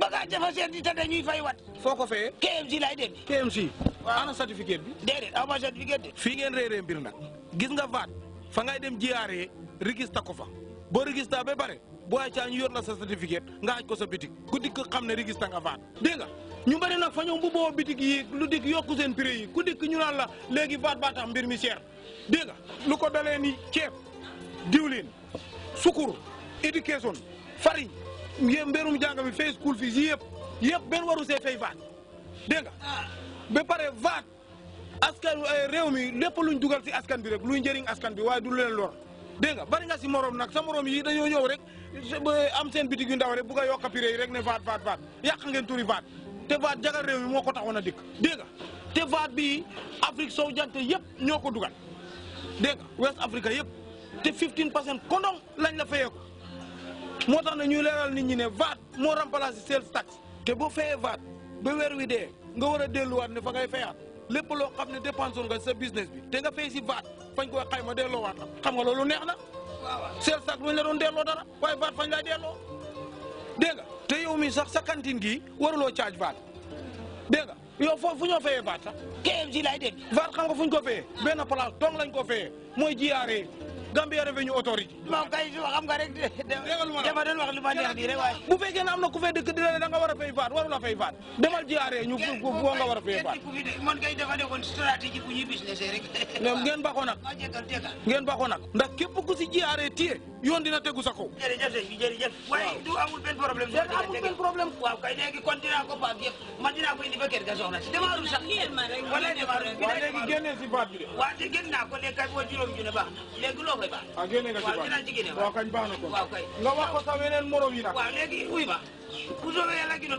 bagage dafa seer di te dañuy fay wat foo ko fayee KMC laay dem KMC waaw ana certificat bi déedéet aw ma certificat de fii ngeen réeree mbir nag gis nga vaat fa ngay dem jiyaaree registre ko fa boo registre ba pare bu ay caa ñu yor la sa certificat nga aj ko sa bitik ku dikk xam ne registre nga vaat dégg nga ñu bëri nag fa ñoom bu boo bitik yi lu dikk yokku seen prix yi ku dikk ñu naan la léegi vaat baa mbir mi seer dégg lu ko dalee ni ceeb diwlin sukkur éducation farine mbérum jàng mi fay school fees yëpp yëpp benn waru see fay vaat dégg nga ah. ba pare vaat askan eh, réew mi lépp luñ dugal si askan bi rek luy njëriñ askan bi waaye du leen lor dégg nga bari nga si morom nag sa morom yi dañoo ñëw rek am seen bitig yu ndaw rek bugg a yokk pire yi rek ne vaat vaat vaat yàq ngeen turi vaat te vaat jagal réew mi moo ko taxoon a dikk dégg nga te vaat bi Afrique sow jante yëpp ñoo ko dugal dégg nga West Africa yëpp te 15 pour lañ la fayee moo tax na ñu leeral nit ñi ne VAT moo remplacé sales tax te boo fayee VAT ba weer wi dee nga war a delluwaat ne fa ngay fayaat lépp loo xam ne dépense nga sa business bi te nga fay si VAT fañ koy xayma delloowaat la xam nga loolu neex na. waaw sales tax buñ la doon delloo dara waaye VAT fañ lay delloo dégg nga te yow mi sax sa cantine gi waruloo charge VAT dégg nga yow foofu fu ñoo fayee VAT sax. KMC laay dégg. VAT xam nga fu ñu ko fayee benn place dong lañ ko fayee mooy jiyaaree. Gambia Revenue Authority. mom kay xam nga rek dama doon wax lu ma neex nii rek waaye. bu fekkee ne am na ku fee dina da nga war a fay vaat warula fay vaat demal jiyaaree ñu foo nga war a fay vaat. man kay dafa defoon stratégie bu ñuy business rek. ngeen baxoo nag. ngeen baxoo nag ndax képp ku si jiyaaree téye yoon dina tegu sa kaw. jërëjëf jërëjëf waaye du amul benn problème. amul benn problème. waaw kay léegi kon dinaa ko paak yëpp man ko indi ga soxna sax wala bi ko ju ne baax koy baax ah génne nga kañ baax ko nga wax sa weneen morom yi nag waaw léegi uy ma bu soo ñëwee ma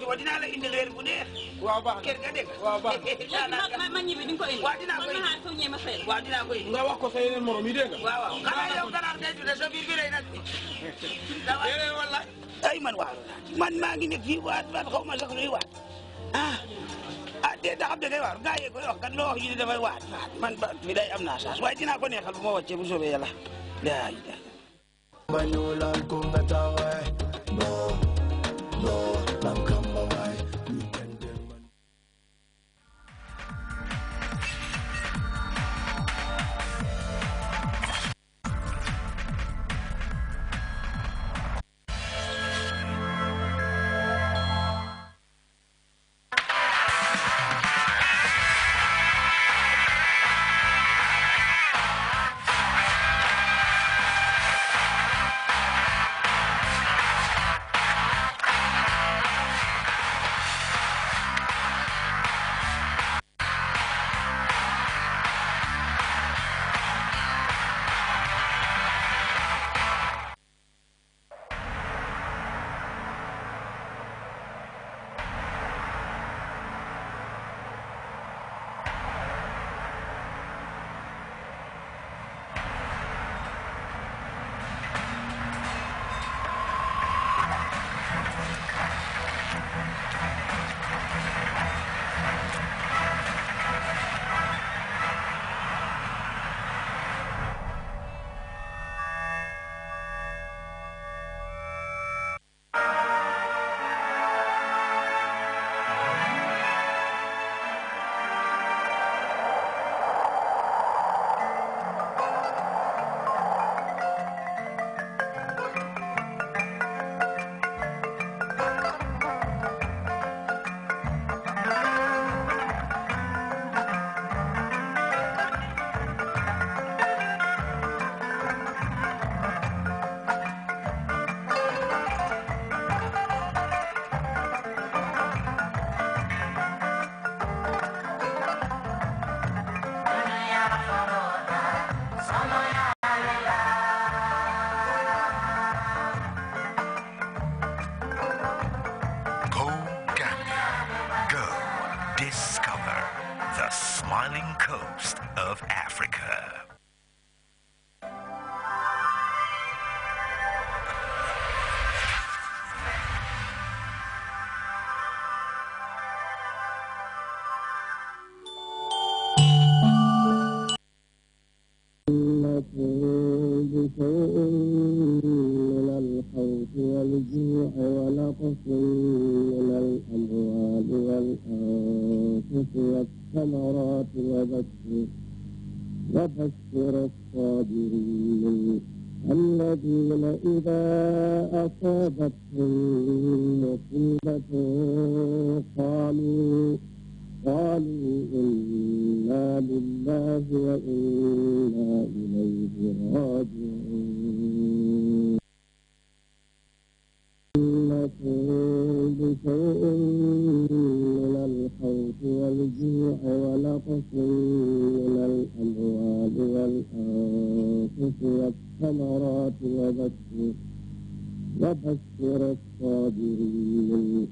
fay waaw dinaa ko indi nga wax ko sa yeneen nga waaw sa biir bi rëy nag déedéet wala man maa ngi nekk fii waat waat xaw sax luy waat ah dee da xam da ngay waar gaa yee koy wax kat loo wax yi dafay waat man ba fi day am naa chance dinaa ko neexal bu ma wàccee bu soobee yàlla daa yi daa. Discover the smiling coast of Africa. من والجوع ونقص من الثمرات وبشر وبشر الصابرين الذين إذا أصابتهم مصيبة قالوا قالوا إنا لله وإنا إليه راجعون إنكم بشيء ونقص من الأموال والأنفس والثمرات وبشر وبشر الصابرين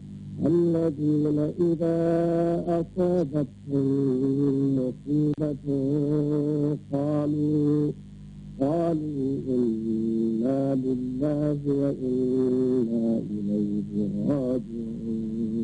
الذين إذا أصابتهم مصيبة قالوا قالوا إنا لله وإنا إليه راجعون